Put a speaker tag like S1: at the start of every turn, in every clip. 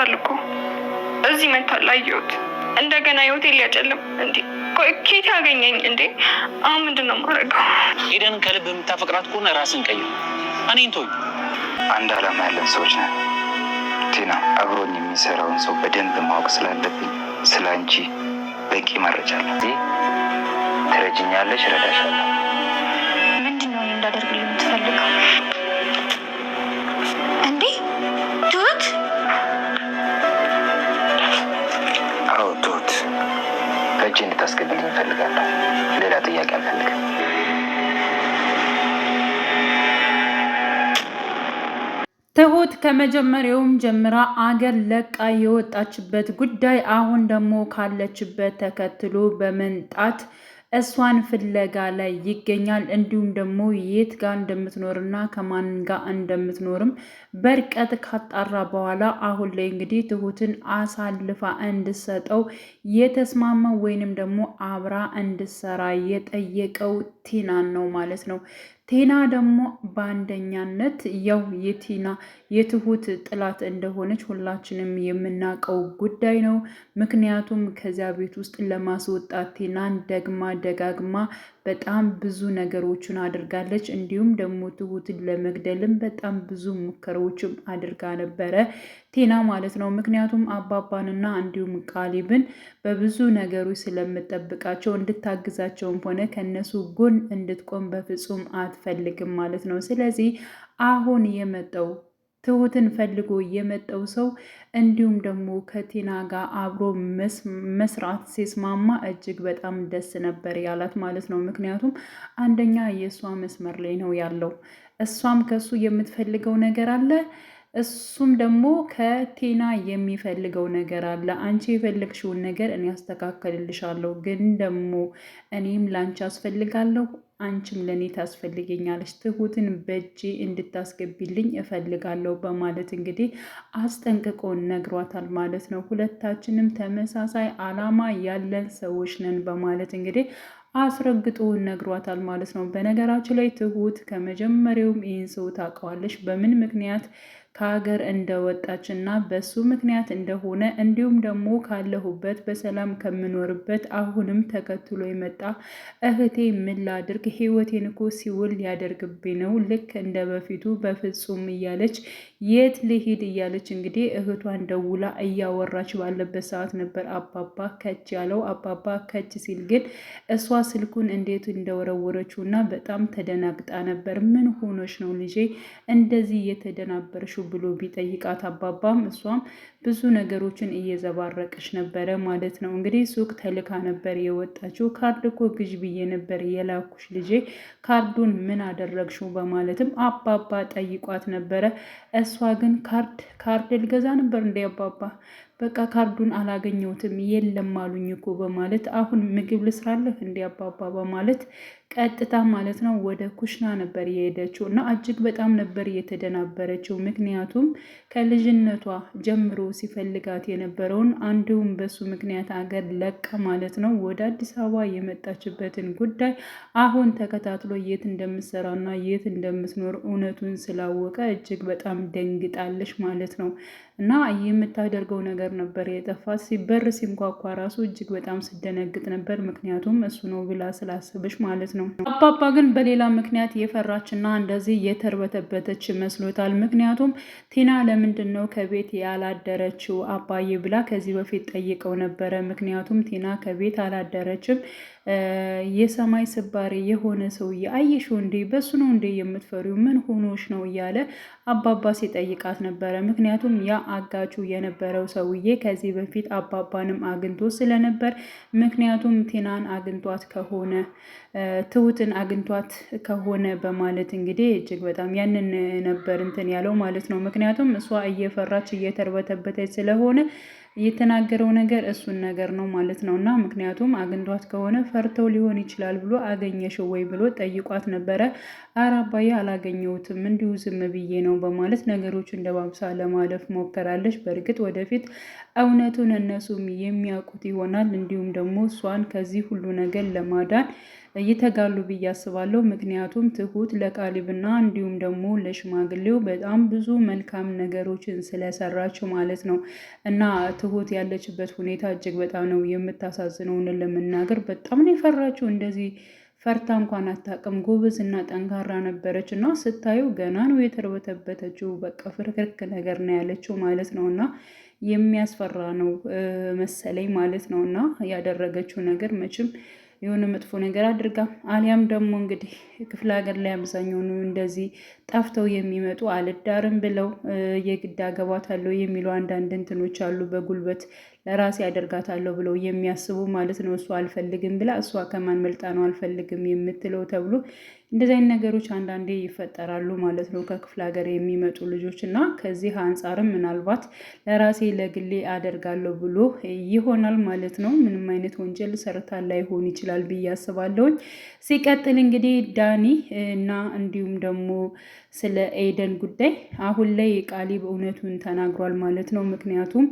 S1: ሞቷል እኮ እዚህ መታል አየሁት። እንደገና የሆቴል ሊያጨልም እንዴ? ኬት ያገኘኝ እንዴ? አሁን ምንድን ነው የማደርገው?
S2: ኤደን ከልብ የምታፈቅራት ከሆነ ራስን ቀይ እኔን ተወኝ።
S3: አንድ አላማ ያለን ሰዎች ነን። ቲና አብሮኝ የሚሰራውን ሰው በደንብ ማወቅ ስላለብኝ ስለ አንቺ በቂ መረጃ
S4: አለ። ትረጅኛለሽ፣ እረዳሻለሁ።
S1: ምንድን ነው እኔ እንዳደርግልኝ የምትፈልገው?
S3: ካሮቶት ከእጄ እንድታስገድልኝ እፈልጋለሁ። ሌላ ጥያቄ አልፈልግም።
S5: ትሁት ከመጀመሪያውም ጀምራ አገር ለቃ የወጣችበት ጉዳይ አሁን ደግሞ ካለችበት ተከትሎ በመምጣት እሷን ፍለጋ ላይ ይገኛል። እንዲሁም ደግሞ የት ጋር እንደምትኖርና ከማን ጋር እንደምትኖርም በርቀት ካጣራ በኋላ አሁን ላይ እንግዲህ ትሁትን አሳልፋ እንድሰጠው የተስማማ ወይንም ደግሞ አብራ እንድሰራ የጠየቀው ቲናን ነው ማለት ነው። ቴና ደግሞ በአንደኛነት ያው የቴና የትሁት ጥላት እንደሆነች ሁላችንም የምናውቀው ጉዳይ ነው። ምክንያቱም ከዚያ ቤት ውስጥ ለማስወጣት ቴናን ደግማ ደጋግማ በጣም ብዙ ነገሮችን አድርጋለች። እንዲሁም ደግሞ ትሁትን ለመግደልም በጣም ብዙ ሙከራዎችም አድርጋ ነበረ። ቴና ማለት ነው። ምክንያቱም አባባንና እንዲሁም ቃሊብን በብዙ ነገሮች ስለምጠብቃቸው እንድታግዛቸውም ሆነ ከነሱ ጎን እንድትቆም በፍጹም አትፈልግም ማለት ነው። ስለዚህ አሁን የመጣው ትሁትን ፈልጎ የመጣው ሰው እንዲሁም ደግሞ ከቴና ጋር አብሮ መስራት ሲስማማ እጅግ በጣም ደስ ነበር ያላት ማለት ነው። ምክንያቱም አንደኛ የእሷ መስመር ላይ ነው ያለው። እሷም ከሱ የምትፈልገው ነገር አለ እሱም ደግሞ ከቴና የሚፈልገው ነገር አለ። አንቺ የፈለግሽውን ነገር እኔ አስተካከልልሻለሁ፣ ግን ደግሞ እኔም ላንቺ አስፈልጋለሁ፣ አንቺም ለእኔ ታስፈልገኛለች፣ ትሁትን በእጄ እንድታስገቢልኝ እፈልጋለሁ በማለት እንግዲህ አስጠንቅቆ ነግሯታል ማለት ነው። ሁለታችንም ተመሳሳይ ዓላማ ያለን ሰዎች ነን በማለት እንግዲህ አስረግጦ ነግሯታል ማለት ነው። በነገራችን ላይ ትሁት ከመጀመሪያውም ይህን ሰው ታውቀዋለች። በምን ምክንያት ከሀገር እንደወጣች እና በሱ ምክንያት እንደሆነ እንዲሁም ደግሞ ካለሁበት በሰላም ከምኖርበት አሁንም ተከትሎ የመጣ እህቴ ምን ላድርግ? ህይወቴን እኮ ሲውል ሊያደርግብኝ ነው ልክ እንደ በፊቱ በፍጹም እያለች የት ልሂድ እያለች እንግዲህ እህቷን ደውላ እያወራች ባለበት ሰዓት ነበር አባባ ከች ያለው። አባባ ከች ሲል ግን እሷ ስልኩን እንዴት እንደወረወረችው እና በጣም ተደናግጣ ነበር። ምን ሆኖች ነው ልጄ እንደዚህ የተደናበርሽው ብሎ ቢጠይቃት አባባም እሷም ብዙ ነገሮችን እየዘባረቀች ነበረ ማለት ነው። እንግዲህ ሱቅ ተልካ ነበር የወጣችው። ካርድ እኮ ግዥ ብዬ ነበር የላኩሽ ልጄ፣ ካርዱን ምን አደረግሽው? በማለትም አባባ ጠይቋት ነበረ። እሷ ግን ካርድ ካርድ ልገዛ ነበር እንደ አባባ በቃ ካርዱን አላገኘሁትም የለም አሉኝ እኮ በማለት አሁን ምግብ ልስራለህ አባባ በማለት ቀጥታ ማለት ነው ወደ ኩሽና ነበር የሄደችው እና እጅግ በጣም ነበር የተደናበረችው። ምክንያቱም ከልጅነቷ ጀምሮ ሲፈልጋት የነበረውን አንድውም በሱ ምክንያት አገር ለቀ ማለት ነው ወደ አዲስ አበባ የመጣችበትን ጉዳይ አሁን ተከታትሎ የት እንደምትሰራና የት እንደምትኖር እውነቱን ስላወቀ እጅግ በጣም ደንግጣለች ማለት ነው እና የምታደርገው ነገር ነገር ነበር የጠፋ። ሲበር ሲንኳኳ ራሱ እጅግ በጣም ስደነግጥ ነበር። ምክንያቱም እሱ ነው ብላ ስላስብሽ ማለት ነው። አባባ ግን በሌላ ምክንያት የፈራችና እንደዚህ የተርበተበተች መስሎታል። ምክንያቱም ቲና ለምንድን ነው ከቤት ያላደረችው አባዬ ብላ ከዚህ በፊት ጠይቀው ነበረ። ምክንያቱም ቲና ከቤት አላደረችም የሰማይ ስባሪ የሆነ ሰውዬ አየሽው እንዴ? በሱ ነው እንዴ የምትፈሪው? ምን ሆኖሽ ነው እያለ አባባ ሲጠይቃት ነበረ። ምክንያቱም ያ አጋቹ የነበረው ሰውዬ ከዚህ በፊት አባባንም አግኝቶ ስለነበር ምክንያቱም ቴናን አግኝቷት ከሆነ ትሁትን አግኝቷት ከሆነ በማለት እንግዲህ እጅግ በጣም ያንን ነበር እንትን ያለው ማለት ነው። ምክንያቱም እሷ እየፈራች እየተርበተበተች ስለሆነ የተናገረው ነገር እሱን ነገር ነው ማለት ነው። እና ምክንያቱም አግንዷት ከሆነ ፈርተው ሊሆን ይችላል ብሎ አገኘሽው ወይ ብሎ ጠይቋት ነበረ። ኧረ አባዬ አላገኘሁትም እንዲሁ ዝም ብዬ ነው በማለት እንደ ባብሳ ለማለፍ ሞከራለች። በእርግጥ ወደፊት እውነቱን እነሱም የሚያውቁት ይሆናል። እንዲሁም ደግሞ እሷን ከዚህ ሁሉ ነገር ለማዳን እየተጋሉ ብዬ አስባለሁ። ምክንያቱም ትሁት ለቃሊብና እንዲሁም ደግሞ ለሽማግሌው በጣም ብዙ መልካም ነገሮችን ስለሰራች ማለት ነው እና ትሁት ያለችበት ሁኔታ እጅግ በጣም ነው የምታሳዝነው። ለመናገር በጣም ነው የፈራችው እንደዚህ ፈርታ እንኳን አታውቅም። ጎበዝ እና ጠንካራ ነበረች እና ስታዩ ገና ነው የተርበተበተችው። በቃ ፍርክርክ ነገር ነው ያለችው ማለት ነው እና የሚያስፈራ ነው መሰለኝ ማለት ነው እና ያደረገችው ነገር መቼም የሆነ መጥፎ ነገር አድርጋ አሊያም ደግሞ እንግዲህ ክፍለ ሀገር ላይ አብዛኛውን እንደዚህ ጠፍተው የሚመጡ አልዳርም ብለው የግድ አገባታለሁ የሚሉ አንዳንድ እንትኖች አሉ። በጉልበት ለራሴ አደርጋታለሁ ብለው የሚያስቡ ማለት ነው። እሱ አልፈልግም ብላ እሷ ከማን መልጣ ነው አልፈልግም የምትለው ተብሎ እንደዚህ አይነት ነገሮች አንዳንዴ ይፈጠራሉ ማለት ነው ከክፍለ ሀገር የሚመጡ ልጆች እና ከዚህ አንጻርም ምናልባት ለራሴ ለግሌ አደርጋለሁ ብሎ ይሆናል ማለት ነው። ምንም አይነት ወንጀል ሰርታ ላይሆን ይችላል ብዬ አስባለሁኝ። ሲቀጥል እንግዲህ ዳኒ እና እንዲሁም ደግሞ ስለ ኤደን ጉዳይ አሁን ላይ ቃሊብ እውነቱን ተናግሯል ማለት ነው ምክንያቱም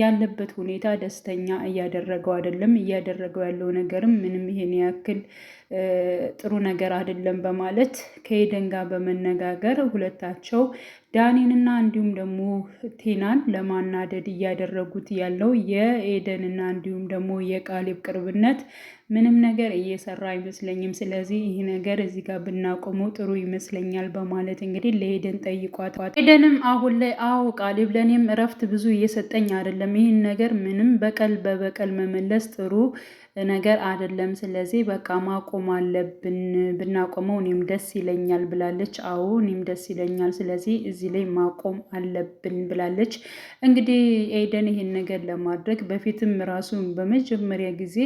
S5: ያለበት ሁኔታ ደስተኛ እያደረገው አይደለም። እያደረገው ያለው ነገርም ምንም ይሄን ያክል ጥሩ ነገር አይደለም በማለት ከኤደን ጋር በመነጋገር ሁለታቸው ዳኒንና እንዲሁም ደግሞ ቴናን ለማናደድ እያደረጉት ያለው የኤደንና እንዲሁም ደግሞ የቃሊብ ቅርብነት ምንም ነገር እየሰራ አይመስለኝም። ስለዚህ ይህ ነገር እዚህ ጋር ብናቆመው ጥሩ ይመስለኛል በማለት እንግዲህ ለኤደን ጠይቋት፣ ኤደንም አሁን ላይ አዎ ቃሊብ ለእኔም እረፍት ብዙ እየሰጠኝ አይደለም፣ ይህን ነገር ምንም በቀል በበቀል መመለስ ጥሩ ነገር አይደለም። ስለዚህ በቃ ማቆም አለብን፣ ብናቆመው እኔም ደስ ይለኛል ብላለች። አዎ እኔም ደስ ይለኛል፣ ስለዚህ እዚህ ላይ ማቆም አለብን ብላለች። እንግዲህ ኤደን ይሄን ነገር ለማድረግ በፊትም ራሱን በመጀመሪያ ጊዜ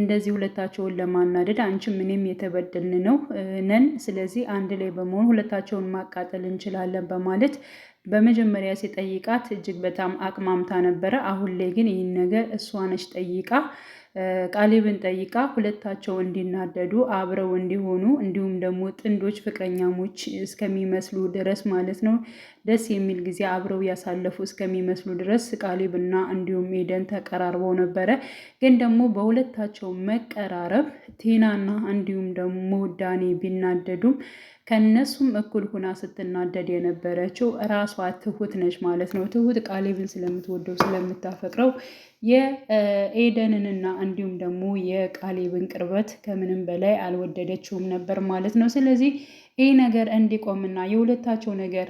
S5: እንደዚህ ሁለታቸውን ለማናደድ አንቺም እኔም የተበደልን ነው ነን። ስለዚህ አንድ ላይ በመሆን ሁለታቸውን ማቃጠል እንችላለን በማለት በመጀመሪያ ሲጠይቃት እጅግ በጣም አቅማምታ ነበረ። አሁን ላይ ግን ይህን ነገር እሷ ነች ጠይቃ ቃሊብን ጠይቃ ሁለታቸው እንዲናደዱ አብረው እንዲሆኑ እንዲሁም ደግሞ ጥንዶች ፍቅረኛሞች እስከሚመስሉ ድረስ ማለት ነው ደስ የሚል ጊዜ አብረው ያሳለፉ እስከሚመስሉ ድረስ ቃሊብና እንዲሁም ኤደን ተቀራርበው ነበረ። ግን ደግሞ በሁለታቸው መቀራረብ ቴናና እንዲሁም ደግሞ ዳኔ ቢናደዱም ከእነሱም እኩል ሁና ስትናደድ የነበረችው ራሷ ትሁት ነች ማለት ነው። ትሁት ቃሌብን ስለምትወደው ስለምታፈቅረው የኤደንንና እንዲሁም ደግሞ የቃሌብን ቅርበት ከምንም በላይ አልወደደችውም ነበር ማለት ነው። ስለዚህ ይህ ነገር እንዲቆምና የሁለታቸው ነገር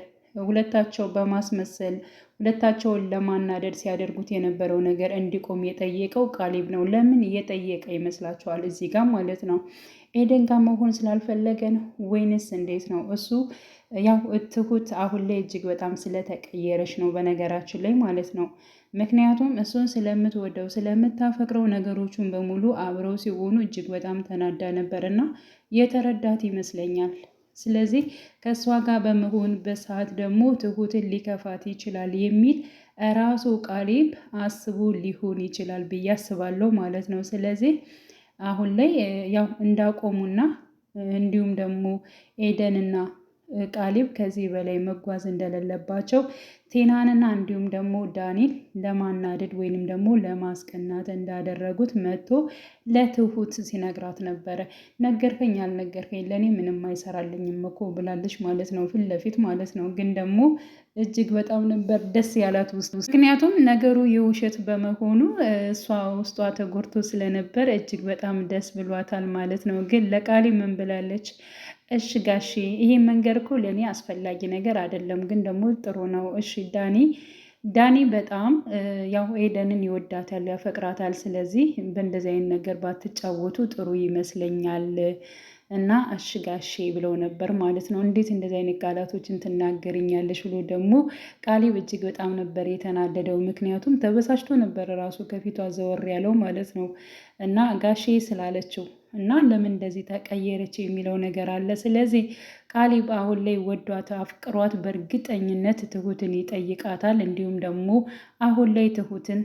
S5: ሁለታቸው በማስመሰል ሁለታቸውን ለማናደድ ሲያደርጉት የነበረው ነገር እንዲቆም የጠየቀው ቃሊብ ነው። ለምን እየጠየቀ ይመስላችኋል? እዚህ ጋር ማለት ነው ኤደን ጋር መሆን ስላልፈለገን ወይንስ እንዴት ነው? እሱ ያው ትሁት አሁን ላይ እጅግ በጣም ስለተቀየረች ነው በነገራችን ላይ ማለት ነው። ምክንያቱም እሱን ስለምትወደው ስለምታፈቅረው ነገሮቹን በሙሉ አብረው ሲሆኑ እጅግ በጣም ተናዳ ነበር እና የተረዳት ይመስለኛል። ስለዚህ ከእሷ ጋር በመሆንበት ሰዓት ደግሞ ትሁትን ሊከፋት ይችላል የሚል ራሱ ቃሌም አስቦ ሊሆን ይችላል ብዬ አስባለሁ ማለት ነው። ስለዚህ አሁን ላይ ያው እንዳቆሙና እንዲሁም ደግሞ ኤደንና ቃሊብ ከዚህ በላይ መጓዝ እንደሌለባቸው ቴናንና እንዲሁም ደግሞ ዳኒል ለማናደድ ወይንም ደግሞ ለማስቀናት እንዳደረጉት መጥቶ ለትሁት ሲነግራት ነበረ። ነገርከኝ አልነገርከኝ ለእኔ ምንም አይሰራልኝም እኮ ብላለች ማለት ነው፣ ፊት ለፊት ማለት ነው። ግን ደግሞ እጅግ በጣም ነበር ደስ ያላት ውስጥ ውስጥ ምክንያቱም ነገሩ የውሸት በመሆኑ እሷ ውስጧ ተጎድቶ ስለነበር እጅግ በጣም ደስ ብሏታል ማለት ነው። ግን ለቃሊ ምን ብላለች? እሺ ጋሺ ይህ መንገድ እኮ ለእኔ አስፈላጊ ነገር አይደለም፣ ግን ደግሞ ጥሩ ነው። እሺ ዳኒ ዳኒ በጣም ያው ኤደንን ይወዳታል፣ ያፈቅራታል። ስለዚህ በእንደዚህ አይነት ነገር ባትጫወቱ ጥሩ ይመስለኛል እና እሺ ጋሼ ብለው ነበር ማለት ነው። እንዴት እንደዚህ አይነት ቃላቶችን ትናገርኛለሽ ብሎ ደግሞ ቃሊብ እጅግ በጣም ነበር የተናደደው። ምክንያቱም ተበሳጭቶ ነበር ራሱ ከፊቷ ዘወር ያለው ማለት ነው እና ጋሼ ስላለችው እና ለምን እንደዚህ ተቀየረች የሚለው ነገር አለ። ስለዚህ ካሊብ አሁን ላይ ወዷት አፍቅሯት በእርግጠኝነት ትሁትን ይጠይቃታል። እንዲሁም ደግሞ አሁን ላይ ትሁትን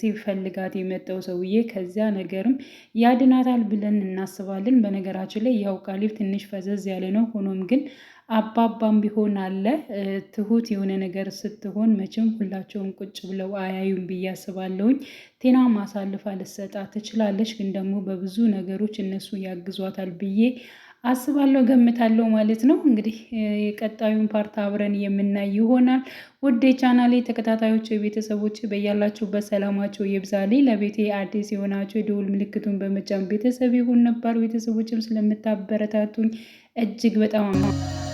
S5: ሲፈልጋት የመጣው ሰውዬ ከዚያ ነገርም ያድናታል ብለን እናስባለን። በነገራችን ላይ ያው ካሊብ ትንሽ ፈዘዝ ያለ ነው። ሆኖም ግን አባባም ቢሆን አለ ትሁት የሆነ ነገር ስትሆን መቼም ሁላቸውም ቁጭ ብለው አያዩም ብዬ አስባለሁኝ። ቴና ማሳልፋ ልሰጣ ትችላለች፣ ግን ደግሞ በብዙ ነገሮች እነሱ ያግዟታል ብዬ አስባለሁ ገምታለሁ ማለት ነው። እንግዲህ የቀጣዩን ፓርት አብረን የምናይ ይሆናል። ውድ የቻናሌ ተከታታዮች ቤተሰቦች በያላችሁበት ሰላማቸው ይብዛልኝ። ለቤቴ አዲስ የሆናቸው የደውል ምልክቱን በመጫን ቤተሰብ ይሁን ነባር ቤተሰቦችም ስለምታበረታቱኝ እጅግ በጣም አማ